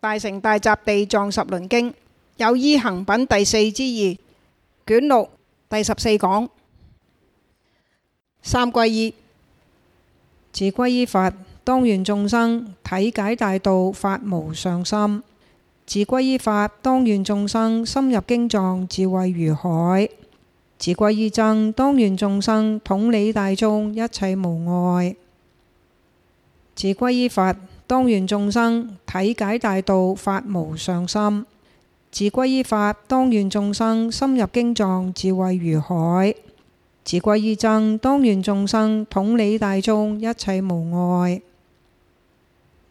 大乘大集地藏十輪經有依行品第四之二，卷六，第十四講。三歸一，自歸依佛，當願眾生體解大道，發無上心；自歸依法，當願眾生深入經藏，智慧如海；自歸依僧，當願眾生統理大眾，一切無礙。自歸依佛。當願眾生體解大道，發無上心，自歸依法；當願眾生深入經藏，智慧如海；自歸依僧；當願眾生統理大眾，一切無礙；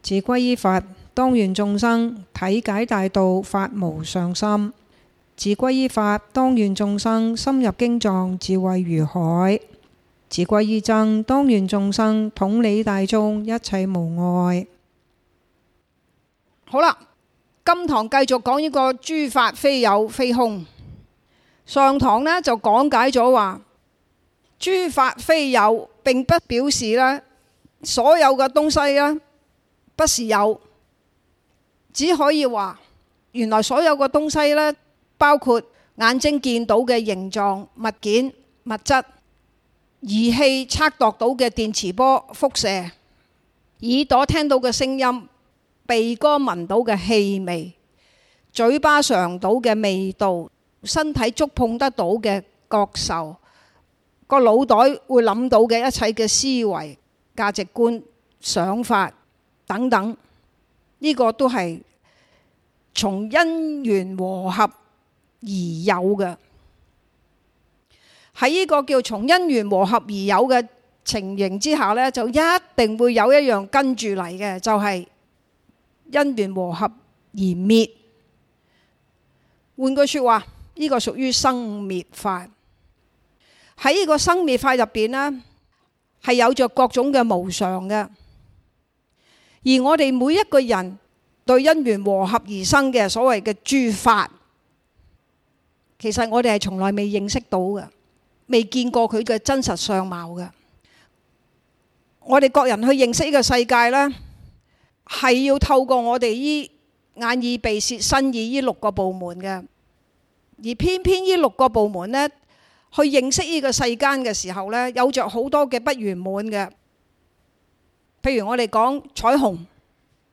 自歸依佛；當願眾生體解大道，發無上心，自歸依法；當願眾生深入經藏，智慧如海；自歸依僧；當願眾生統理大眾，一切無礙。好啦，今堂繼續講呢個諸法非有非空。上堂呢就講解咗話，諸法非有並不表示呢所有嘅東西呢不是有，只可以話原來所有嘅東西呢包括眼睛見到嘅形狀、物件、物質，儀器測度到嘅電磁波輻射，耳朵聽到嘅聲音。鼻哥聞到嘅氣味，嘴巴嘗到嘅味道，身體觸碰得到嘅覺受，個腦袋會諗到嘅一切嘅思維、價值觀、想法等等，呢個都係從因緣和合而有嘅。喺呢個叫從因緣和合而有嘅情形之下呢，就一定會有一樣跟住嚟嘅，就係。因緣和合而滅，換句說話，呢個屬於生滅法。喺呢個生滅法入邊呢，係有着各種嘅無常嘅。而我哋每一個人對因緣和合而生嘅所謂嘅諸法，其實我哋係從來未認識到嘅，未見過佢嘅真實相貌嘅。我哋各人去認識呢個世界咧。係要透過我哋依眼耳鼻舌身意呢六個部門嘅，而偏偏呢六個部門呢去認識呢個世間嘅時候呢，有着好多嘅不圓滿嘅。譬如我哋講彩虹，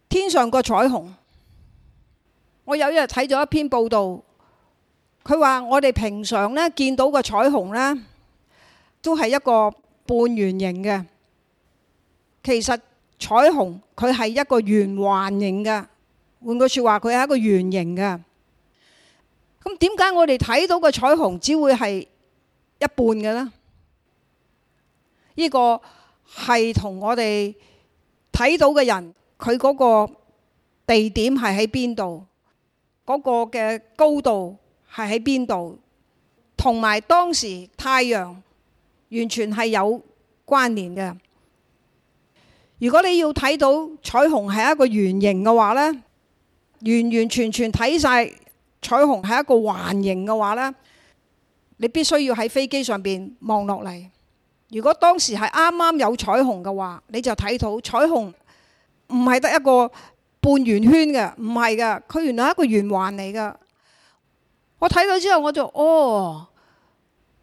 天上個彩虹，我有一日睇咗一篇報道，佢話我哋平常呢見到個彩虹呢，都係一個半圓形嘅，其實。彩虹佢係一個圓環形嘅，換句說話，佢係一個圓形嘅。咁點解我哋睇到嘅彩虹只會係一半嘅咧？呢個係同我哋睇到嘅人佢嗰個地點係喺邊度，嗰個嘅高度係喺邊度，同埋當時太陽完全係有關聯嘅。如果你要睇到彩虹係一個圓形嘅話呢，完完全全睇晒彩虹係一個環形嘅話呢，你必須要喺飛機上邊望落嚟。如果當時係啱啱有彩虹嘅話，你就睇到彩虹唔係得一個半圓圈嘅，唔係嘅，佢原來係一個圓環嚟嘅。我睇到之後我就哦，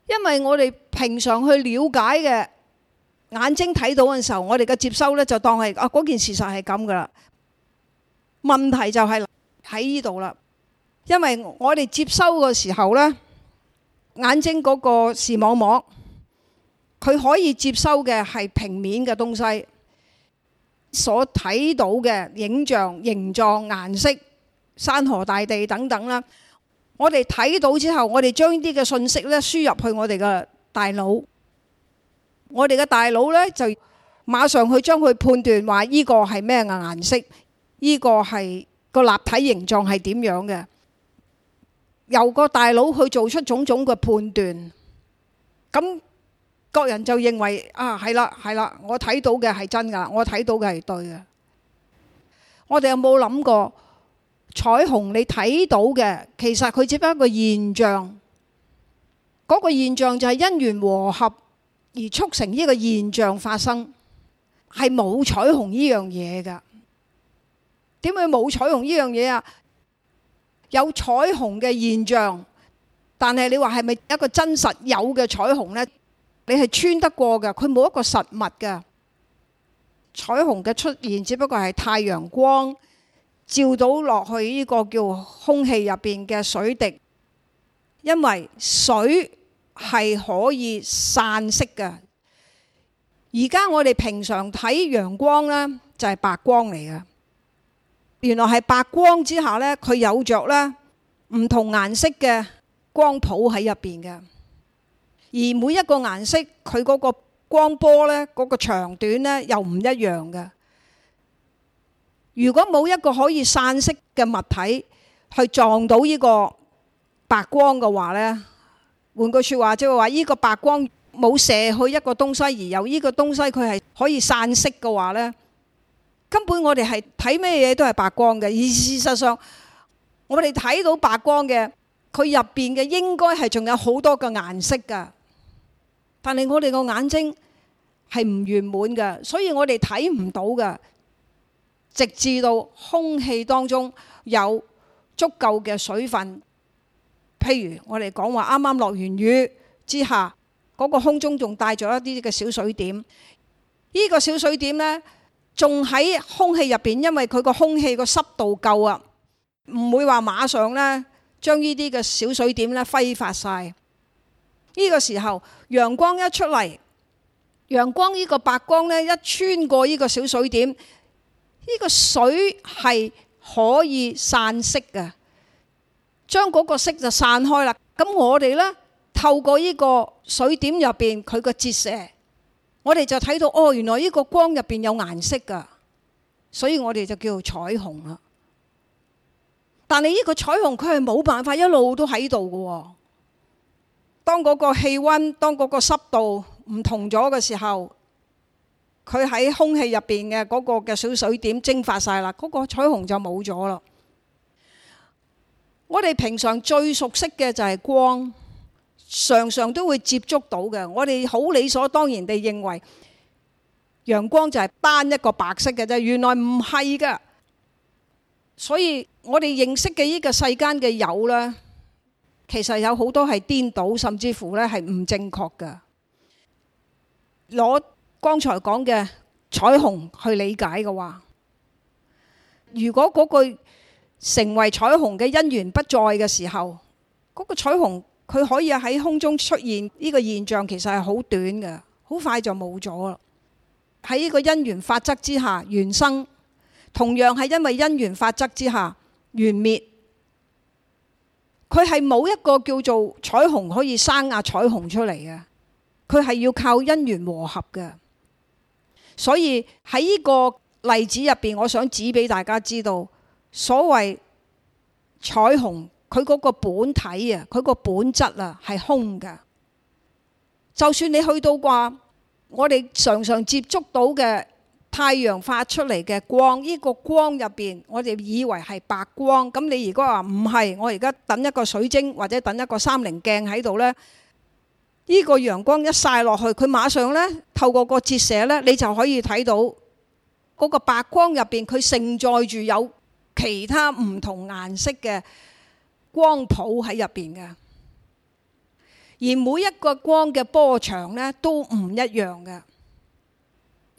因為我哋平常去了解嘅。眼睛睇到嘅時候，我哋嘅接收咧就當係啊，嗰件事實係咁噶啦。問題就係喺呢度啦，因為我哋接收嘅時候咧，眼睛嗰個視網膜，佢可以接收嘅係平面嘅東西，所睇到嘅影像、形狀、顏色、山河大地等等啦。我哋睇到之後，我哋將呢啲嘅信息咧輸入去我哋嘅大腦。我哋嘅大佬呢，就馬上去將佢判斷，話呢個係咩顏色，而促成呢個現象發生係冇彩虹呢樣嘢㗎？點會冇彩虹呢樣嘢啊？有彩虹嘅現象，但係你話係咪一個真實有嘅彩虹呢？你係穿得過嘅，佢冇一個實物嘅彩虹嘅出現，只不過係太陽光照到落去呢個叫空氣入邊嘅水滴，因為水。係可以散色嘅。而家我哋平常睇陽光呢，就係白光嚟嘅。原來係白光之下呢，佢有着呢唔同顏色嘅光譜喺入邊嘅。而每一個顏色，佢嗰個光波呢，嗰個長短呢，又唔一樣嘅。如果冇一個可以散色嘅物體去撞到呢個白光嘅話呢。換句說話，即係話呢個白光冇射去一個東西，而有呢個東西佢係可以散色嘅話呢，根本我哋係睇咩嘢都係白光嘅。而事實上，我哋睇到白光嘅，佢入邊嘅應該係仲有好多個顏色噶。但係我哋個眼睛係唔圓滿嘅，所以我哋睇唔到嘅。直至到空氣當中有足夠嘅水分。譬如我哋講話，啱啱落完雨之下，嗰個空中仲帶咗一啲嘅小水點。呢個小水點呢，仲喺空氣入邊，因為佢個空氣個濕度夠啊，唔會話馬上呢將呢啲嘅小水點呢揮發晒。呢個時候，陽光一出嚟，陽光呢個白光呢一穿過呢個小水點，呢個水係可以散色嘅。將嗰個色就散開啦，咁我哋呢透過呢個水點入邊佢個折射，我哋就睇到哦，原來呢個光入邊有顏色噶，所以我哋就叫做彩虹啦。但係呢個彩虹佢係冇辦法一路都喺度噶，當嗰個氣溫、當嗰個濕度唔同咗嘅時候，佢喺空氣入邊嘅嗰個嘅小水點蒸發晒啦，嗰個彩虹就冇咗咯。我哋平常最熟悉嘅就係光，常常都會接觸到嘅。我哋好理所當然地認為陽光就係單一個白色嘅啫，原來唔係㗎。所以我哋認識嘅呢個世間嘅有咧，其實有好多係顛倒，甚至乎咧係唔正確㗎。攞剛才講嘅彩虹去理解嘅話，如果嗰句。成為彩虹嘅因緣不在嘅時候，嗰個彩虹佢可以喺空中出現呢個現象，其實係好短嘅，好快就冇咗啦。喺呢個因緣法則之下，緣生同樣係因為因緣法則之下緣滅，佢係冇一個叫做彩虹可以生啊彩虹出嚟嘅，佢係要靠因緣和合嘅。所以喺呢個例子入邊，我想指俾大家知道。所謂彩虹，佢嗰個本體啊，佢個本質啊，係空嘅。就算你去到啩，我哋常常接觸到嘅太陽發出嚟嘅光，呢個光入邊，我哋以為係白光。咁你如果話唔係，我而家等一個水晶或者等一個三棱鏡喺度呢，呢個陽光一晒落去，佢馬上呢，透過個折射呢，你就可以睇到嗰個白光入邊，佢盛載住有，其他唔同顏色嘅光譜喺入邊嘅，而每一個光嘅波長呢都唔一樣嘅。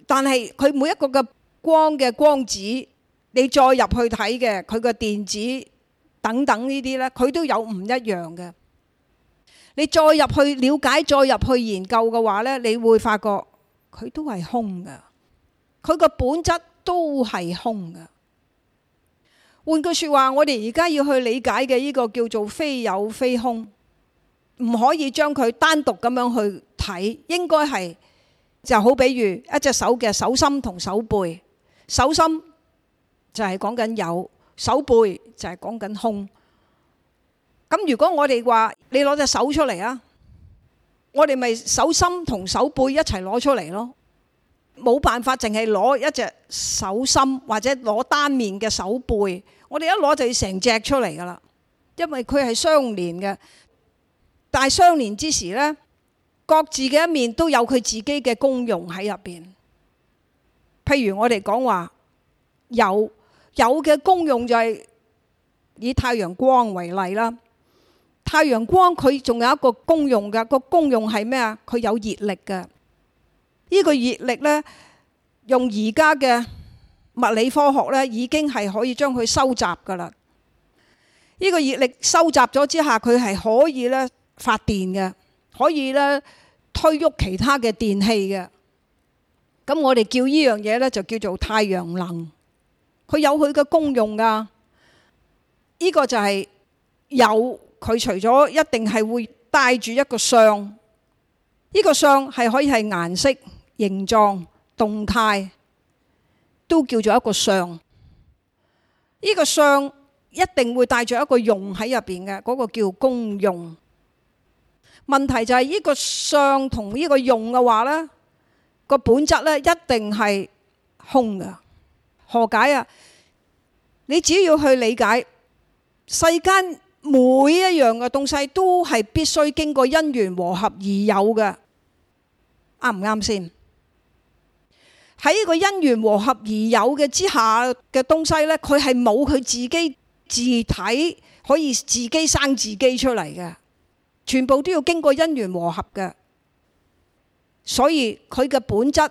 但係佢每一個嘅光嘅光子，你再入去睇嘅佢嘅電子等等呢啲呢，佢都有唔一樣嘅。你再入去了解，再入去研究嘅話呢，你會發覺佢都係空嘅，佢個本質都係空嘅。換句説話，我哋而家要去理解嘅呢個叫做非有非空，唔可以將佢單獨咁樣去睇，應該係，就好比如一隻手嘅手心同手背，手心就係講緊有，手背就係講緊空。咁如果我哋話你攞隻手出嚟啊，我哋咪手心同手背一齊攞出嚟咯。冇辦法，淨係攞一隻手心或者攞單面嘅手背，我哋一攞就要成隻出嚟噶啦。因為佢係相連嘅，但係相連之時呢，各自嘅一面都有佢自己嘅功用喺入邊。譬如我哋講話有，有嘅功用就係以太陽光為例啦。太陽光佢仲有一個功用嘅，個功用係咩啊？佢有熱力嘅。呢個熱力呢，用而家嘅物理科學呢，已經係可以將佢收集噶啦。呢個熱力收集咗之下，佢係可以呢發電嘅，可以呢推喐其他嘅電器嘅。咁我哋叫呢樣嘢呢，就叫做太陽能。佢有佢嘅功用㗎。呢個就係有佢，除咗一定係會帶住一個相，呢個相係可以係顏色。形狀、動態都叫做一個相，呢個相一定會帶著一個用喺入邊嘅，嗰個叫功用。問題就係呢個相同呢個用嘅話，呢個本質咧一定係空嘅。何解啊？你只要去理解，世間每一樣嘅東西都係必須經過因緣和合而有嘅，啱唔啱先？喺呢個因緣和合而有嘅之下嘅東西咧，佢係冇佢自己自體可以自己生自己出嚟嘅，全部都要經過因緣和合嘅，所以佢嘅本質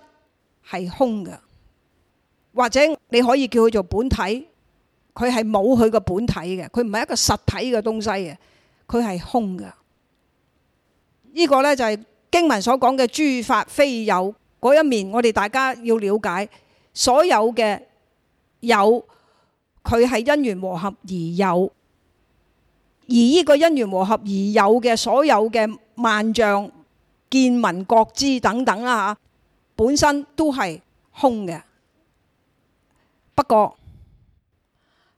係空嘅，或者你可以叫佢做本體，佢係冇佢個本體嘅，佢唔係一個實體嘅東西嘅，佢係空嘅。呢個咧就係經文所講嘅諸法非有。嗰一面，我哋大家要了解，所有嘅有佢係因緣和合而有，而呢個因緣和合而有嘅所有嘅萬象，見聞覺知等等啦吓，啊，本身都係空嘅。不過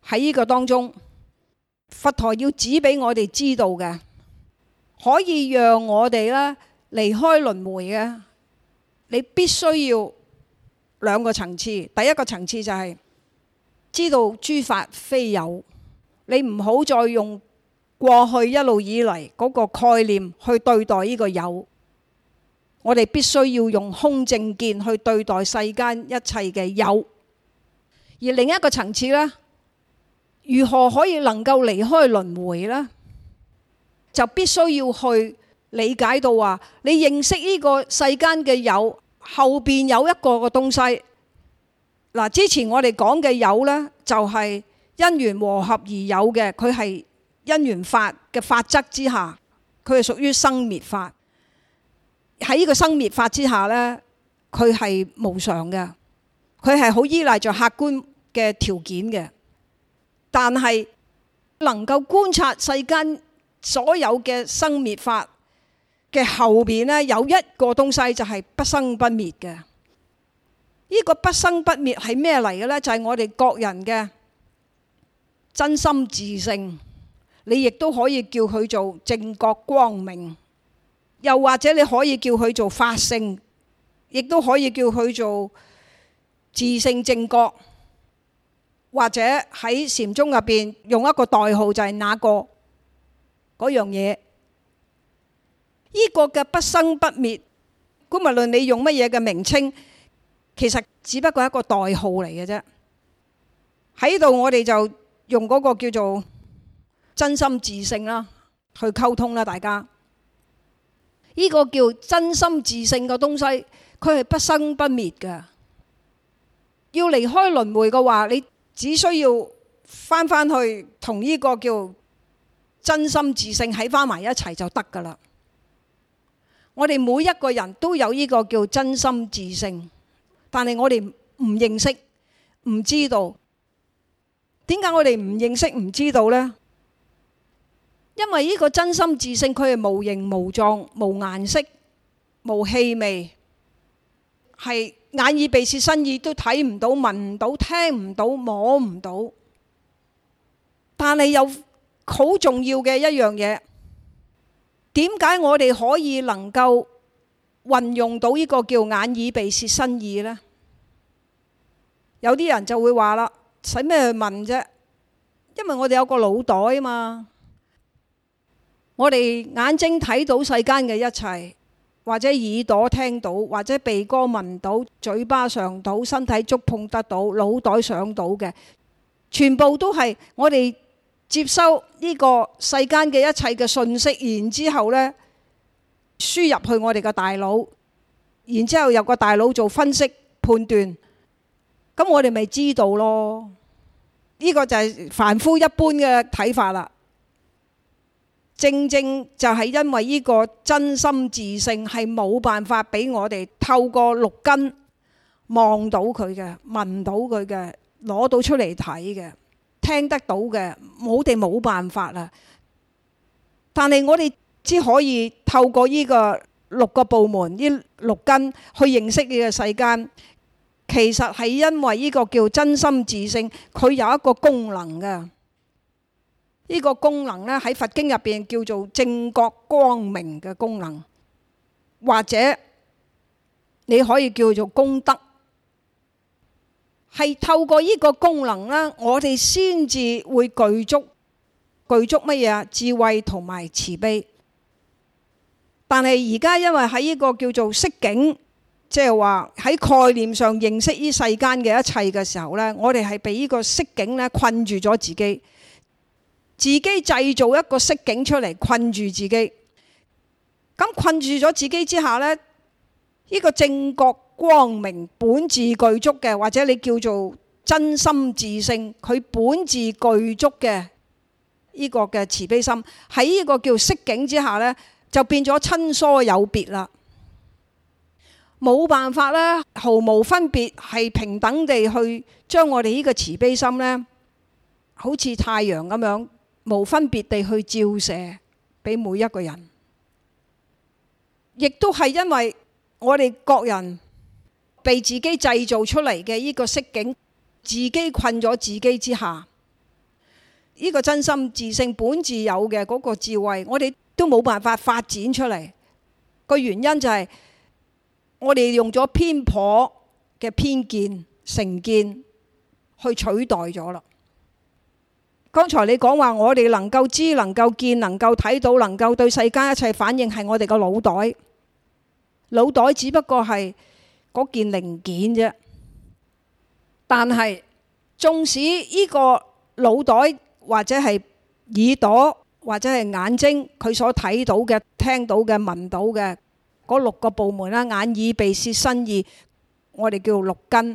喺呢個當中，佛陀要指俾我哋知道嘅，可以讓我哋咧離開輪迴嘅。你必須要兩個層次，第一個層次就係知道諸法非有，你唔好再用過去一路以嚟嗰個概念去對待呢個有。我哋必須要用空正見去對待世間一切嘅有。而另一個層次呢，如何可以能夠離開輪迴呢？就必須要去。理解到啊，你認識呢個世間嘅有，後邊有一個個東西。嗱，之前我哋講嘅有咧，就係因緣和合而有嘅，佢係因緣法嘅法則之下，佢係屬於生滅法。喺呢個生滅法之下咧，佢係無常嘅，佢係好依賴着客觀嘅條件嘅。但係能夠觀察世間所有嘅生滅法。嘅後邊呢，有一個東西就係不生不滅嘅，呢、這個不生不滅係咩嚟嘅呢？就係、是、我哋各人嘅真心自性，你亦都可以叫佢做正覺光明，又或者你可以叫佢做法性，亦都可以叫佢做自性正覺，或者喺禪宗入邊用一個代號就係那個嗰樣嘢。呢個嘅不生不滅，咁無論你用乜嘢嘅名稱，其實只不過係一個代號嚟嘅啫。喺度我哋就用嗰個叫做真心自性啦，去溝通啦，大家。呢個叫真心自性嘅東西，佢係不生不滅嘅。要離開輪迴嘅話，你只需要翻翻去同呢個叫真心自性喺翻埋一齊就得㗎啦。我哋每一個人都有呢個叫真心自性，但係我哋唔認識、唔知道，點解我哋唔認識、唔知道呢？因為呢個真心自性，佢係無形無狀、無顏色、無氣味，係眼耳鼻舌身意都睇唔到、聞唔到、聽唔到、摸唔到，但係有好重要嘅一樣嘢。點解我哋可以能夠運用到呢個叫眼耳鼻舌身意呢？有啲人就會話啦，使咩去問啫？因為我哋有個腦袋啊嘛，我哋眼睛睇到世間嘅一切，或者耳朵聽到，或者鼻哥聞到，嘴巴上到，身體觸碰得到，腦袋想到嘅，全部都係我哋。接收呢個世間嘅一切嘅信息，然之後呢，輸入去我哋嘅大腦，然之後由個大腦做分析判斷，咁我哋咪知道咯？呢個就係凡夫一般嘅睇法啦。正正就係因為呢個真心自性係冇辦法俾我哋透過六根望到佢嘅、聞到佢嘅、攞到出嚟睇嘅，聽得到嘅，我哋冇辦法啦。但係我哋只可以透過呢個六個部門，呢六根去認識呢個世間。其實係因為呢個叫真心自性，佢有一個功能㗎。呢個功能咧喺佛經入邊叫做正覺光明嘅功能，或者你可以叫做功德。係透過呢個功能啦，我哋先至會具足具足乜嘢智慧同埋慈悲。但係而家因為喺呢個叫做色境，即係話喺概念上認識呢世間嘅一切嘅時候呢，我哋係被呢個色境咧困住咗自己，自己製造一個色境出嚟困住自己。咁困住咗自己之下呢，呢個正覺。光明本自具足嘅，或者你叫做真心自性，佢本自具足嘅呢個嘅慈悲心，喺呢個叫色境之下咧，就變咗親疏有別啦。冇辦法啦，毫無分別，係平等地去將我哋呢個慈悲心咧，好似太陽咁樣，無分別地去照射俾每一個人，亦都係因為我哋各人。被自己製造出嚟嘅呢個色境，自己困咗自己之下，呢個真心自性本自有嘅嗰個智慧，我哋都冇辦法發展出嚟。個原因就係我哋用咗偏頗嘅偏見、成見去取代咗啦。剛才你講話，我哋能夠知、能夠見、能夠睇到、能夠對世間一切反應，係我哋個腦袋。腦袋只不過係，嗰件零件啫，但係縱使呢個腦袋或者係耳朵或者係眼睛，佢所睇到嘅、聽到嘅、聞到嘅嗰六個部門啦，眼、耳、鼻、舌、身、意，我哋叫六根。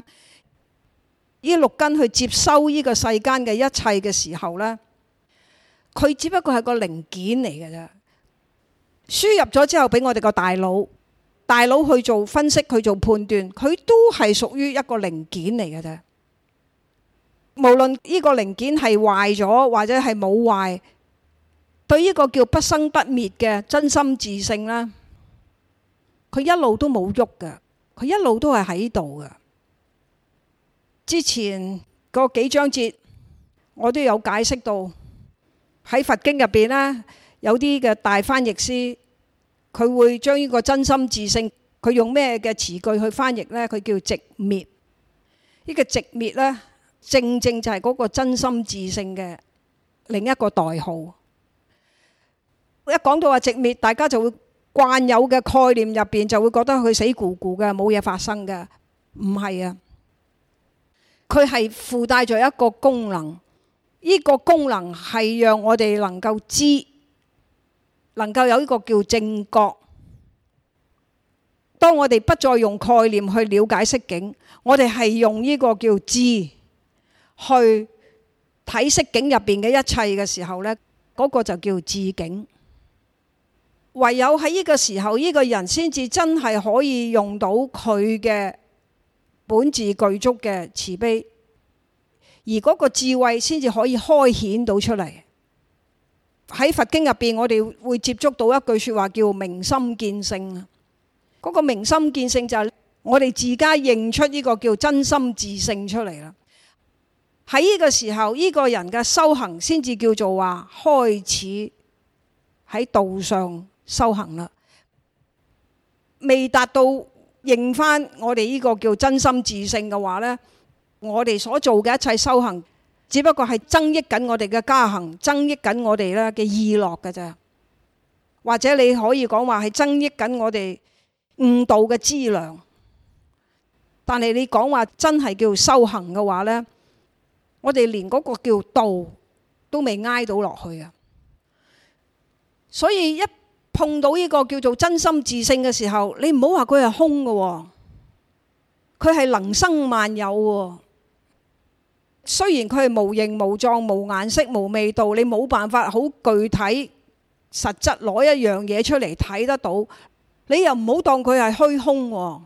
呢六根去接收呢個世間嘅一切嘅時候呢，佢只不過係個零件嚟嘅啫，輸入咗之後俾我哋個大腦。大腦去做分析，去做判斷，佢都係屬於一個零件嚟嘅啫。無論呢個零件係壞咗，或者係冇壞，對呢個叫不生不滅嘅真心自性啦，佢一路都冇喐嘅，佢一路都係喺度嘅。之前嗰幾章節，我都有解釋到喺佛經入邊呢，有啲嘅大翻譯師。佢會將呢個真心自性，佢用咩嘅詞句去翻譯呢？佢叫寂滅。呢個寂滅呢，正正就係嗰個真心自性嘅另一個代號。一講到話寂滅，大家就會慣有嘅概念入邊，就會覺得佢死咕咕嘅，冇嘢發生嘅。唔係啊，佢係附帶咗一個功能，呢個功能係讓我哋能夠知。能夠有一個叫正覺，當我哋不再用概念去了解色境，我哋係用呢個叫知，去睇色境入邊嘅一切嘅時候，嗰個就叫智境。唯有喺呢個時候，呢個人先至真係可以用到佢嘅本自具足嘅慈悲，而嗰個智慧先至可以開顯到出嚟。喺佛經入邊，我哋會接觸到一句說話叫明心見性啊。嗰個明心見性就係我哋自家認出呢個叫真心自性出嚟啦。喺呢個時候，呢個人嘅修行先至叫做話開始喺道上修行啦。未達到認翻我哋呢個叫真心自性嘅話咧，我哋所做嘅一切修行，只不過係增益緊我哋嘅加行，增益緊我哋咧嘅意樂嘅咋，或者你可以講話係增益緊我哋悟道嘅資糧。但係你講話真係叫修行嘅話呢，我哋連嗰個叫道都未挨到落去啊！所以一碰到呢個叫做真心自性嘅時候，你唔好話佢係空嘅，佢係能生萬有。雖然佢係無形無狀無顏色無味道，你冇辦法好具體實質攞一樣嘢出嚟睇得到，你又唔好當佢係虛空喎。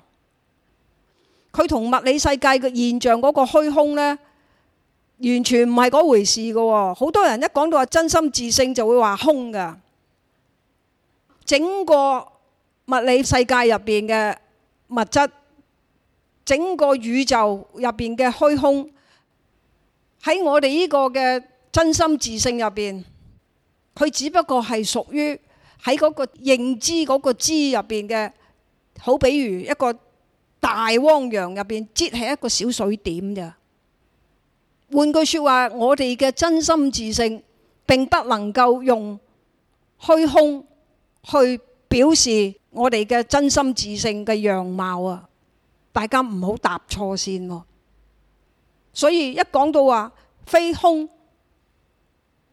佢同物理世界嘅現象嗰個虛空呢，完全唔係嗰回事嘅喎。好多人一講到話真心自性，就會話空嘅。整個物理世界入邊嘅物質，整個宇宙入邊嘅虛空。喺我哋呢個嘅真心自性入邊，佢只不過係屬於喺嗰個認知嗰個知入邊嘅，好比如一個大汪洋入邊，即係一個小水點咋。換句説話，我哋嘅真心自性並不能夠用虛空去表示我哋嘅真心自性嘅樣貌啊！大家唔好答錯先喎。所以一講到話非空，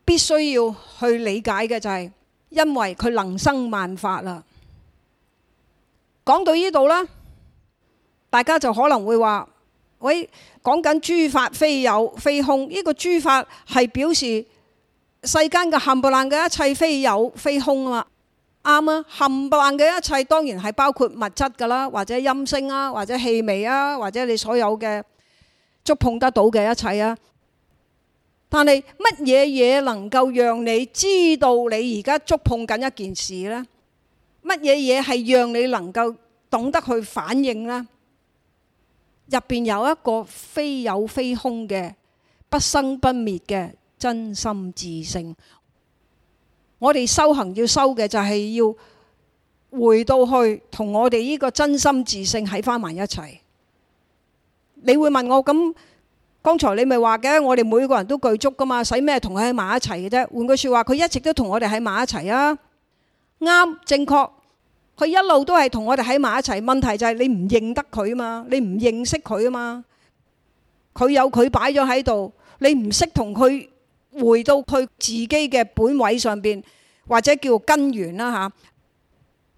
必須要去理解嘅就係因為佢能生萬法啦。講到呢度啦，大家就可能會話，喂，講緊諸法非有非空，呢、呢個諸法係表示世間嘅冚唪爛嘅一切非有非空啊嘛，啱啊！冚唪爛嘅一切當然係包括物質噶啦，或者音聲啊，或者氣味啊，或者你所有嘅。觸碰得到嘅一切啊！但係乜嘢嘢能夠讓你知道你而家觸碰緊一件事呢？乜嘢嘢係讓你能夠懂得去反應呢？入邊有一個非有非空嘅不生不滅嘅真心自性。我哋修行要修嘅就係要回到去同我哋呢個真心自性喺返埋一齊。你會問我咁？剛才你咪話嘅，我哋每個人都具足噶嘛，使咩同佢喺埋一齊嘅啫？換句説話，佢一直都同我哋喺埋一齊啊，啱，正確。佢一路都係同我哋喺埋一齊。問題就係你唔認得佢啊嘛，你唔認識佢啊嘛。佢有佢擺咗喺度，你唔識同佢回到佢自己嘅本位上邊，或者叫根源啦嚇。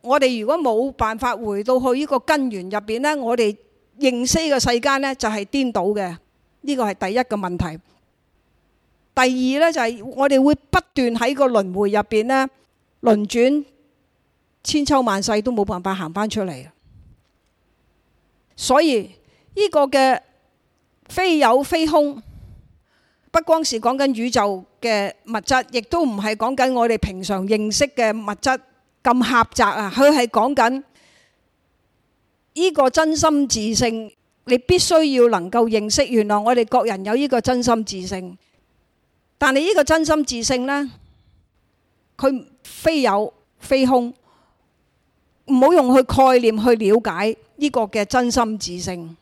我哋如果冇辦法回到去呢個根源入邊咧，我哋。認識嘅世間咧就係顛倒嘅，呢個係第一個問題。第二咧就係我哋會不斷喺個輪回入邊咧輪轉，千秋萬世都冇辦法行翻出嚟。所以呢個嘅非有非空，不光是講緊宇宙嘅物質，亦都唔係講緊我哋平常認識嘅物質咁狹窄啊，佢係講緊。呢個真心自性，你必須要能夠認識。原來我哋各人有呢個真心自性，但係呢個真心自性呢，佢非有非空，唔好用佢概念去了解呢個嘅真心自性，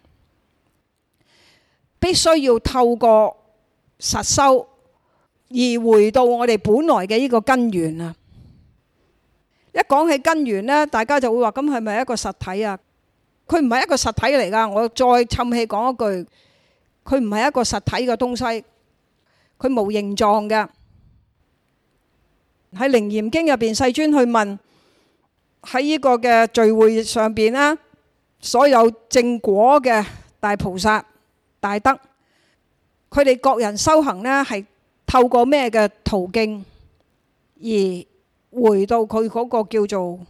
必須要透過實修而回到我哋本來嘅呢個根源啊！一講起根源呢，大家就會話：咁係咪一個實體啊？佢唔係一個實體嚟噶，我再氹氣講一句，佢唔係一個實體嘅東西，佢冇形狀嘅。喺《靈嚴經》入邊世尊去問，喺呢個嘅聚會上邊咧，所有正果嘅大菩薩、大德，佢哋各人修行咧係透過咩嘅途徑而回到佢嗰個叫做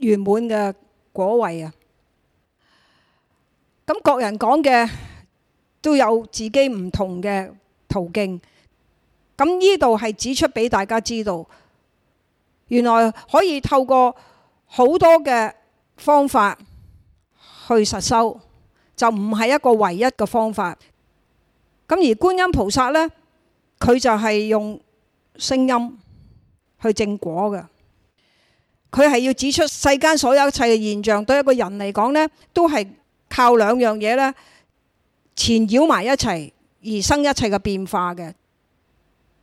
圓滿嘅果位啊！咁各人講嘅都有自己唔同嘅途徑。咁呢度係指出俾大家知道，原來可以透過好多嘅方法去實修，就唔係一個唯一嘅方法。咁而觀音菩薩呢，佢就係用聲音去證果嘅。佢係要指出世間所有一切嘅現象，對一個人嚟講呢，都係靠兩樣嘢咧纏繞埋一齊而生一切嘅變化嘅。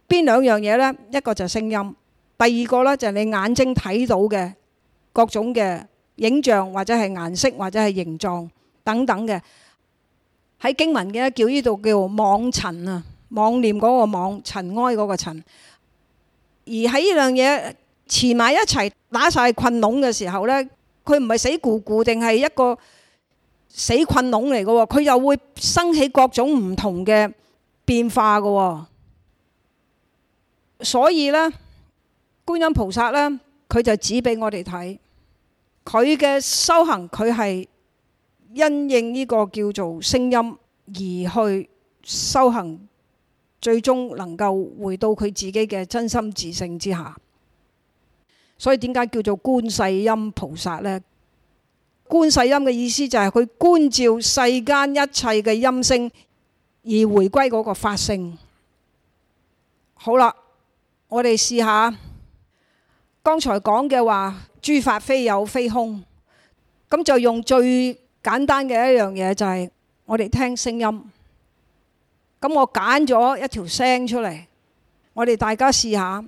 邊兩樣嘢呢？一個就係聲音，第二個咧就係你眼睛睇到嘅各種嘅影像，或者係顏色，或者係形狀等等嘅。喺經文嘅叫呢度叫妄塵啊，妄念嗰個妄，塵埃嗰個塵。而喺呢樣嘢。持埋一齊打晒困籠嘅時候呢，佢唔係死固固定係一個死困籠嚟嘅喎，佢又會生起各種唔同嘅變化嘅喎。所以呢，觀音菩薩呢，佢就指俾我哋睇，佢嘅修行，佢係因應呢個叫做聲音而去修行，最終能夠回到佢自己嘅真心自性之下。所以點解叫做觀世音菩薩呢？觀世音嘅意思就係佢觀照世間一切嘅音聲，而回歸嗰個法性。好啦，我哋試下剛才講嘅話，諸法非有非空。咁就用最簡單嘅一樣嘢，就係我哋聽聲音。咁我揀咗一條聲出嚟，我哋大家試下。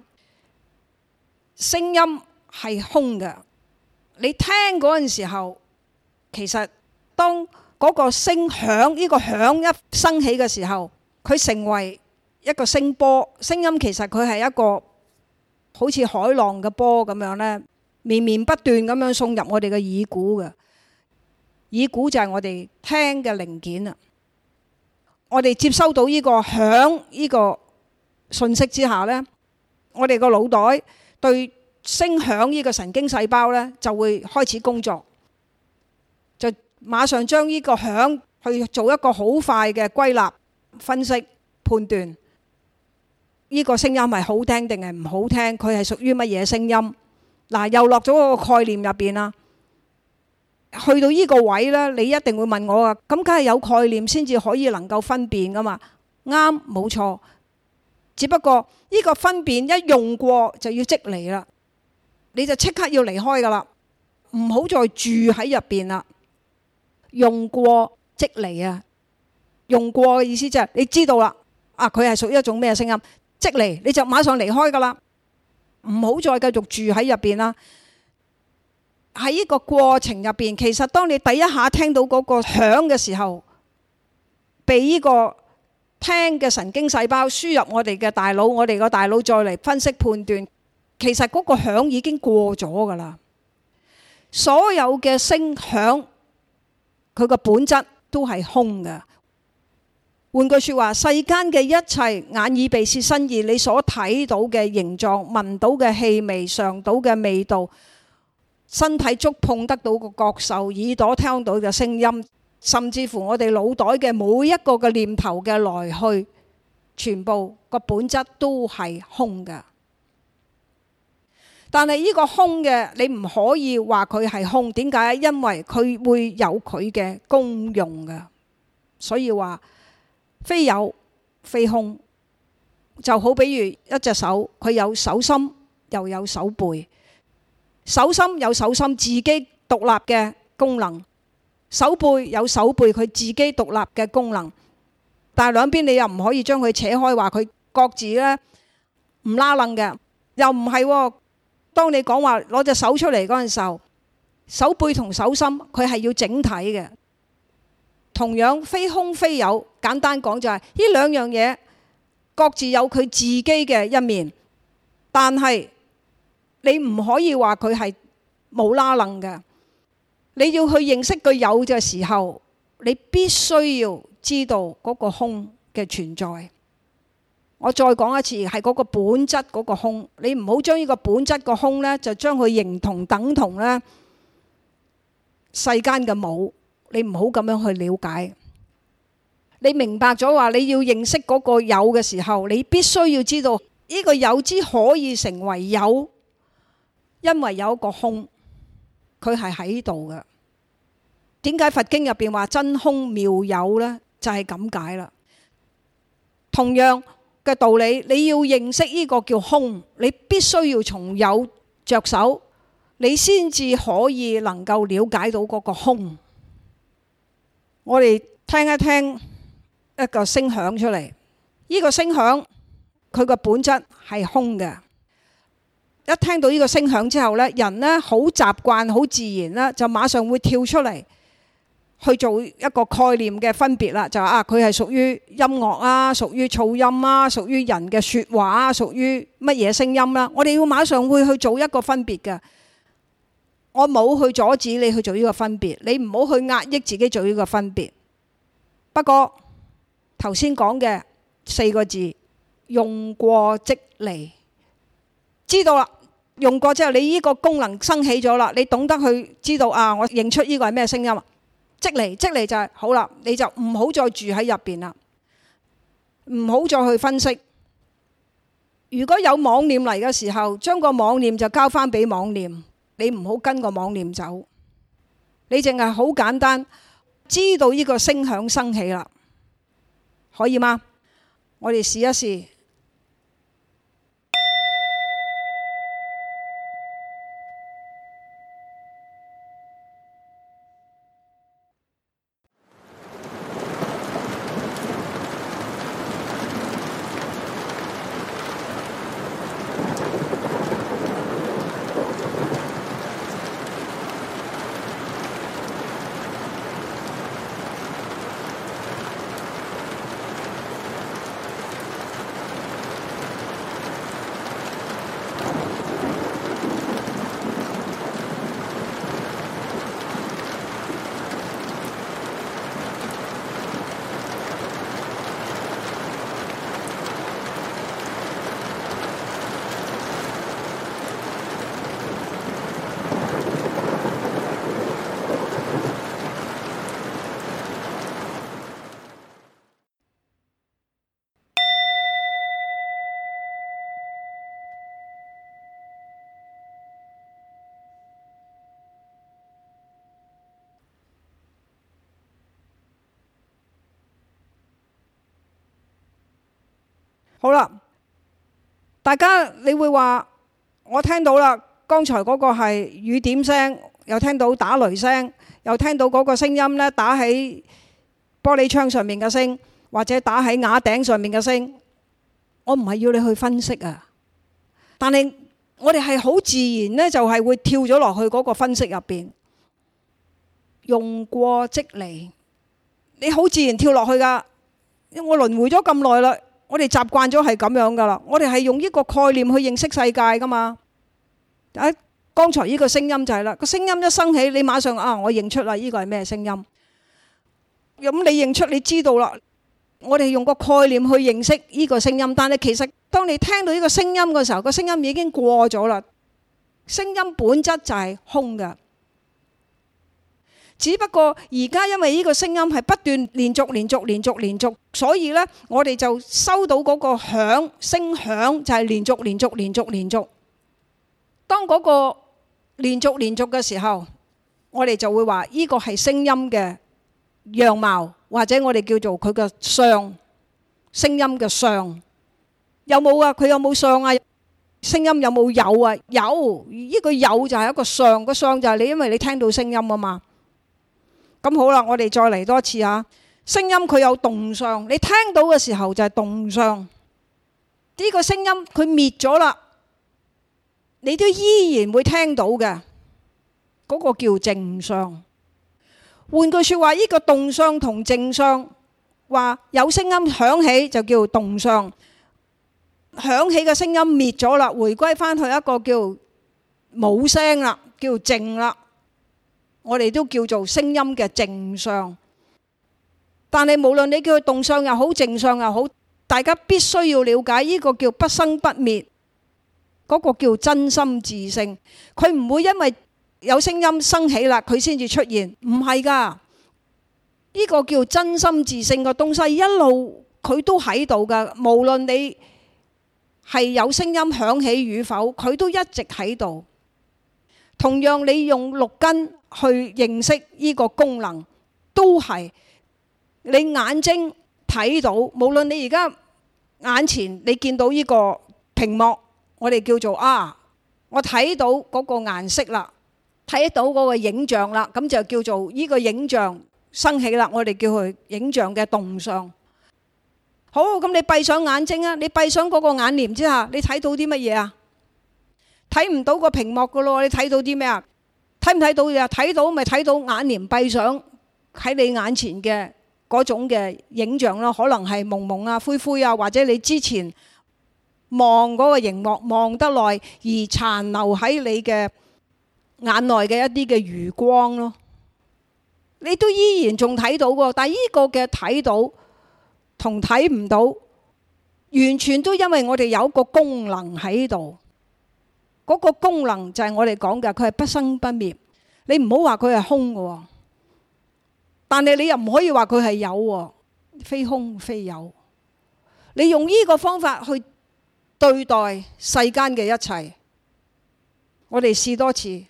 聲音係空嘅，你聽嗰陣時候，其實當嗰個聲響，呢個響一升起嘅時候，佢成為一個聲波。聲音其實佢係一個好似海浪嘅波咁樣咧，綿綿不斷咁樣送入我哋嘅耳鼓嘅。耳鼓就係我哋聽嘅零件啊！我哋接收到呢個響呢個訊息之下呢。我哋個腦袋對聲響呢個神經細胞呢，就會開始工作，就馬上將呢個響去做一個好快嘅歸納、分析、判斷。呢個聲音係好聽定係唔好聽？佢係屬於乜嘢聲音？嗱，又落咗個概念入邊啦。去到呢個位呢，你一定會問我噶。咁梗係有概念先至可以能夠分辨噶嘛？啱，冇錯。只不過呢個分辨一用過就要即離啦，你就即刻要離開噶啦，唔好再住喺入邊啦。用過即離啊，用過嘅意思就係你知道啦，啊佢係屬於一種咩聲音？即離你就馬上離開噶啦，唔好再繼續住喺入邊啦。喺呢個過程入邊，其實當你第一下聽到嗰個響嘅時候，被呢、這個，聽嘅神經細胞輸入我哋嘅大腦，我哋個大腦再嚟分析判斷，其實嗰個響已經過咗噶啦。所有嘅聲響，佢個本質都係空嘅。換句說話，世間嘅一切，眼耳鼻舌身意，你所睇到嘅形狀，聞到嘅氣味，嘗到嘅味道，身體觸碰得到個覺受，耳朵聽到嘅聲音。甚至乎我哋腦袋嘅每一個嘅念頭嘅來去，全部個本質都係空嘅。但係呢個空嘅，你唔可以話佢係空。點解？因為佢會有佢嘅功用㗎。所以話非有非空，就好比如一隻手，佢有手心又有手背，手心有手心自己獨立嘅功能。手背有手背，佢自己獨立嘅功能，但係兩邊你又唔可以將佢扯開，話佢各自咧唔拉楞嘅，又唔係、哦、當你講話攞隻手出嚟嗰陣時候，手背同手心佢係要整體嘅，同樣非空非有。簡單講就係呢兩樣嘢各自有佢自己嘅一面，但係你唔可以話佢係冇拉楞嘅。你要去認識佢有嘅時候，你必須要知道嗰個空嘅存在。我再講一次，係嗰個本質嗰個空，你唔好將呢個本質個空呢，就將佢認同等同咧世間嘅冇，你唔好咁樣去了解。你明白咗話，你要認識嗰個有嘅時候，你必須要知道呢個有之可以成為有，因為有一個空。佢係喺度嘅，點解佛經入邊話真空妙有呢？就係咁解啦。同樣嘅道理，你要認識呢個叫空，你必須要從有着手，你先至可以能夠瞭解到嗰個空。我哋聽一聽一個聲響出嚟，呢個聲響佢嘅本質係空嘅。一聽到呢個聲響之後咧，人咧好習慣、好自然咧，就馬上會跳出嚟去做一個概念嘅分別啦。就係啊，佢係屬於音樂啊，屬於噪音啊，屬於人嘅説話啊，屬於乜嘢聲音啦？我哋要馬上會去做一個分別嘅。我冇去阻止你去做呢個分別，你唔好去壓抑自己做呢個分別。不過頭先講嘅四個字，用過即離。知道啦，用過之後，你呢個功能升起咗啦，你懂得去知道啊，我認出呢個係咩聲音。即嚟即嚟就係好啦，你就唔好再住喺入邊啦，唔好再去分析。如果有妄念嚟嘅時候，將個妄念就交翻俾妄念，你唔好跟個妄念走，你淨係好簡單，知道呢個聲響升起啦，可以嗎？我哋試一試。好啦，大家你會話我聽到啦。剛才嗰個係雨點聲，又聽到打雷聲，又聽到嗰個聲音咧，打喺玻璃窗上面嘅聲，或者打喺瓦頂上面嘅聲。我唔係要你去分析啊，但係我哋係好自然呢，就係會跳咗落去嗰個分析入邊，用過即離，你好自然跳落去噶，因我輪回咗咁耐啦。我哋習慣咗係咁樣噶啦，我哋係用呢個概念去認識世界噶嘛。啊，剛才呢個聲音就係啦，個聲音一生起，你馬上啊，我認出啦，呢個係咩聲音？咁你認出，你知道啦。我哋用個概念去認識呢個聲音，但係其實當你聽到呢個聲音嘅時候，個聲音已經過咗啦。聲音本質就係空噶。只不過而家因為呢個聲音係不斷連續、連續、連續、連續，所以呢，我哋就收到嗰個響聲響就係連續、連續、連續、連續。當嗰個連續、連續嘅時候，我哋就會話呢個係聲音嘅樣貌，或者我哋叫做佢嘅相。聲音嘅相有冇啊？佢有冇相啊？聲音有冇有，有啊？有呢、呢個有就係一個相，個相就係你因為你聽到聲音啊嘛。咁好啦，我哋再嚟多次吓，聲音佢有動相，你聽到嘅時候就係動相。呢個聲音佢滅咗啦，你都依然會聽到嘅，嗰個叫靜相。換句說話，呢個動相同靜相，話有聲音響起就叫動相，響起嘅聲音滅咗啦，回歸返去一個叫冇聲啦，叫靜啦。我哋都叫做聲音嘅靜相，但係無論你叫佢動相又好，靜相又好，大家必須要了解呢個叫不生不滅，嗰個叫真心自性。佢唔會因為有聲音生起啦，佢先至出現，唔係噶。呢個叫真心自性嘅東西一路佢都喺度噶，無論你係有聲音響起與否，佢都一直喺度。同樣你用六根。去認識呢個功能，都係你眼睛睇到，無論你而家眼前你見到呢個屏幕，我哋叫做啊，我睇到嗰個顏色啦，睇到嗰個影像啦，咁就叫做呢個影像生起啦，我哋叫佢影像嘅動相。好，咁你閉上眼睛啊，你閉上嗰個眼簾之下，你睇到啲乜嘢啊？睇唔到個屏幕噶咯，你睇到啲咩啊？睇唔睇到呀？睇到咪睇到，眼簾閉上喺你眼前嘅嗰種嘅影像咯，可能係蒙蒙啊、灰灰啊，或者你之前望嗰個熒幕望得耐而殘留喺你嘅眼內嘅一啲嘅餘光咯，你都依然仲睇到嘅。但係呢個嘅睇到同睇唔到，完全都因為我哋有一個功能喺度。嗰個功能就係我哋講嘅，佢係不生不滅。你唔好話佢係空嘅，但係你又唔可以話佢係有，非空非有。你用呢個方法去對待世間嘅一切，我哋試多次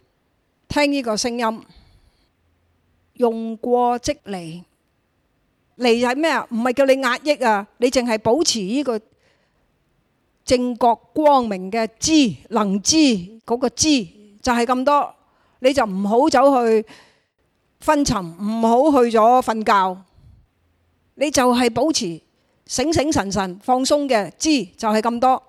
聽呢個聲音，用過即離。離係咩啊？唔係叫你壓抑啊，你淨係保持呢個。正覺光明嘅知，能知嗰個知就係咁多，你就唔好走去昏沉，唔好去咗瞓覺，你就係保持醒醒神神，放鬆嘅知就係咁多。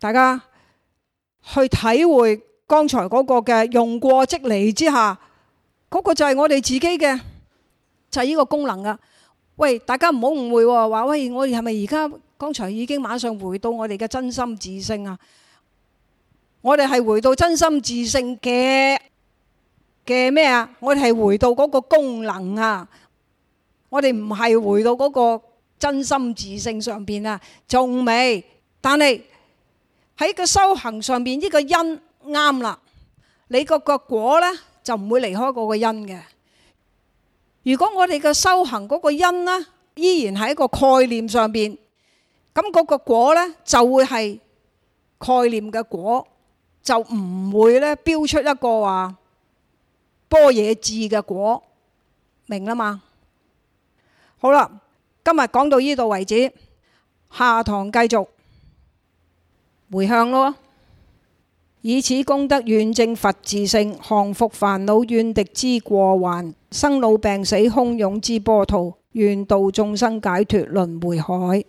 大家去體會剛才嗰個嘅用過即嚟之下，嗰個就係我哋自己嘅就係呢個功能啊！喂，大家唔好誤會喎，話喂，我哋係咪而家剛才已經馬上回到我哋嘅真心自性啊？我哋係回到真心自性嘅嘅咩啊？我哋係回到嗰個功能啊！我哋唔係回到嗰個真心自性上邊啊，仲未，但係。喺個修行上邊呢個因啱啦，你個個果咧就唔會離開嗰個因嘅。如果我哋嘅修行嗰個因咧依然喺一個概念上邊，咁嗰個果咧就會係概念嘅果，就唔會咧標出一個話般若智嘅果，明啦嘛。好啦，今日講到呢度為止，下堂繼續。回向咯，以此功德願證佛智性，降伏煩惱怨敵之過患，生老病死洶湧之波濤，願度眾生解脱輪回海。